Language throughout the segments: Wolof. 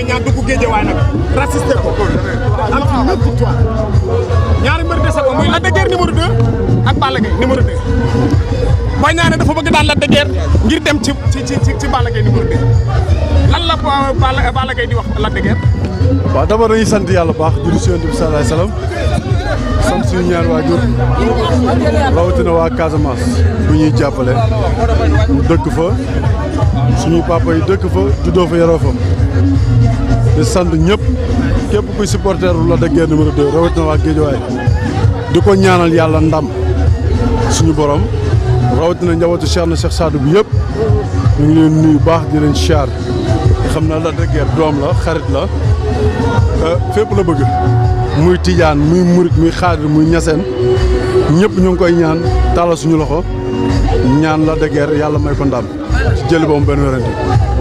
mooy ñaar dugg géejewaay nag rassisté ko am ci neuf victoire ñaari mbër dese ko muy Lac de Guiers numéro 2 ak Balla Gaye numéro 2. Boy Niang dafa bëgg daan Lac de Guiers ngir dem ci ci ci ci Balla Gaye numéro 2 lan la Balla Balla di wax Lac de Guiers. waaw d'abord dañuy sant yàlla bu baax di nuyu si yéen di sant suñu ñaar waajur rawatina waa Casamance bu ñuy jàppale ñu dëkk fa suñu papa yi dëkk fa juddoo fa yaroo fa di sant ñëpp képp kuy supporter wu la da guerre numéro 2 rawatina waa Géejawaay di ko ñaanal yàlla ndam suñu borom rawatina njawatu Cheikh na Cheikh Sadou bi yëpp ñu leen nuyu baax di leen siyaar xam naa la da doom la xarit la euh, fépp la bëgg muy tijaan muy murit muy xaadir muy ñaseen ñëpp ñu ngi koy ñaan tàllal suñu loxo ñaan la de yàlla may ko ndam ci jëli boobu benn wérante.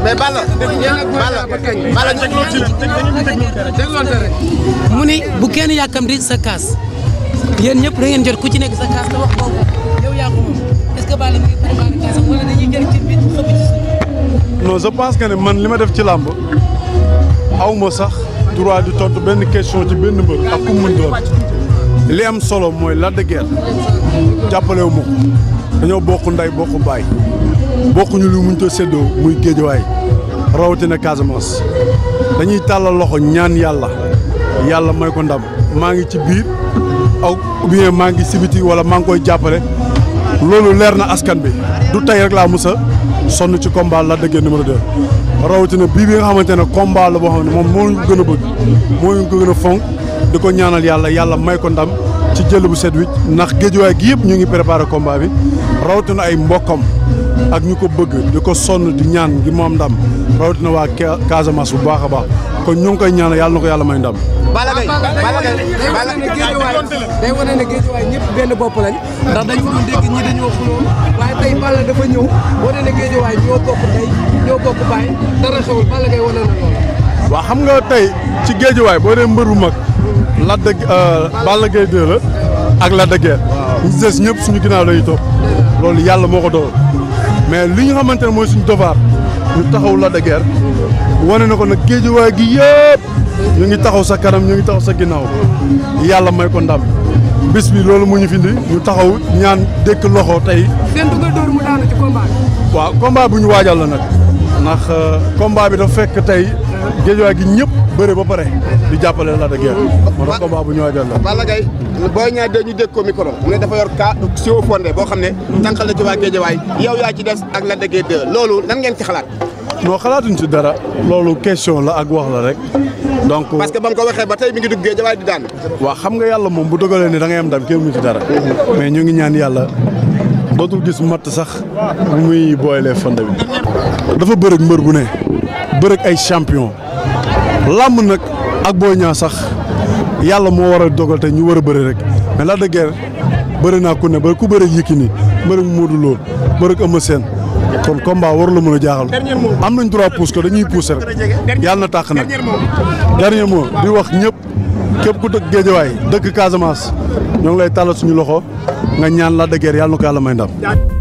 mais Balla Balla Balla mu ni bu kenn yàkkamti sa kaas yéen ñëpp da ngeen jot ku ci nekk sa kaas je pense que ne man li ma def ci làmb aw sax. droit di tontu benn question ci benn mbër ak ku mu mën doon li am solo mooy Lac de Guiers jàppale wu ma ko dañoo bokk ndey bokk bokkuñu lu muñ ko séddoo muy géejawaay rawatina Casamance dañuy tàllal loxo ñaan yàlla yàlla may ko ndam maa ngi ci biir aw ou bien maa ngi sibiti wala maa ngi koy jàppale loolu leer na askan bi du tey rek laa musa sonn ci combat Lac de Guiers numéro 2 rawatina bii bi nga xamante ne combat la boo xam ne moom moo ñu gën a bëgg moo ñu ko gën a fonk di ko ñaanal yàlla yàlla may ko ndam ci jël bu set wi ndax géejuwaay gi yëpp ñu ngi préparé combat bi rawatina ay mbokkam ak ñu ko bëgg di ko sonn di ñaan gi mu am ndam rawatina waa Casamance bu baax a kon ñu ngi koy ñaanal yàlla na ko yàlla may ndam. Balla Gaye Balla Gaye Balla Gaye ñëpp benn bopp lañ ndax dañu doon dégg ñi dañoo xuloo waaye tey Balla dafa ñëw wane xam nga tey ci géejewaay boo dee mbër bu mag. Lac de euh, Balla Gaye 2 la ak Lac de Guiers. ñu des ñëpp suñu ginnaaw lay topp loolu yàlla moo ko doon mais li ñu xamante ne mooy suñu devoir ñu taxaw Lac de wane na ko nag géejuwaay gi yëpp ñu ngi taxaw sa kanam ñu ngi taxaw sa ginnaaw yàlla may ko ndam bis bi loolu mu ñu findi ñu taxaw ñaan dëkk loxo tey. seen dugal bu ñu waajal la nag ndax euh, combat bi dafa fekk tey géejuwaay gi ñëpp bëre ba pare di jàppale Lac de Guiers. moo tax combat bu ñu waajal la. Balla Gaye booy ñaar dee ñu dégg ko micro mu ne dafa yor cas siwo fondé boo xam ne. tànqal na ci waa géejuwaay yow yaa ci des ak Lac de Guiers 2 loolu nan ngeen ci xalaat. non xalaatuñ ci dara loolu question la ak wax la rek donc. parce que ba mu ko waxee ba tey mi ngi dugg géej waaye di daan. waaw xam nga yàlla moom bu dogalee ni da ngay am ndam kenn mu ci dara. mais ñu ngi ñaan yàlla dootul gis matt sax muy booylee fanda dafa bërëg mbër bu ne bërëg ay champion làmb nag ak Boy sax yàlla moo war a dogal te ñu war a bëri rek mais la de guerre bëri naa ku ne ba ku bëri Yékini bëri Modou Lo bëri Eumeu Sène kon combat war la mën a jaaxal am nañ droit pousse ko dañuy pousse rek yàlla na tàq nag dernier mot di wax ñëpp képp ku dëkk Géejawaay dëkk Casamance ñoo ngi lay tàllal suñu loxo nga ñaan la dëggeer yàlla na ko yàlla may ndam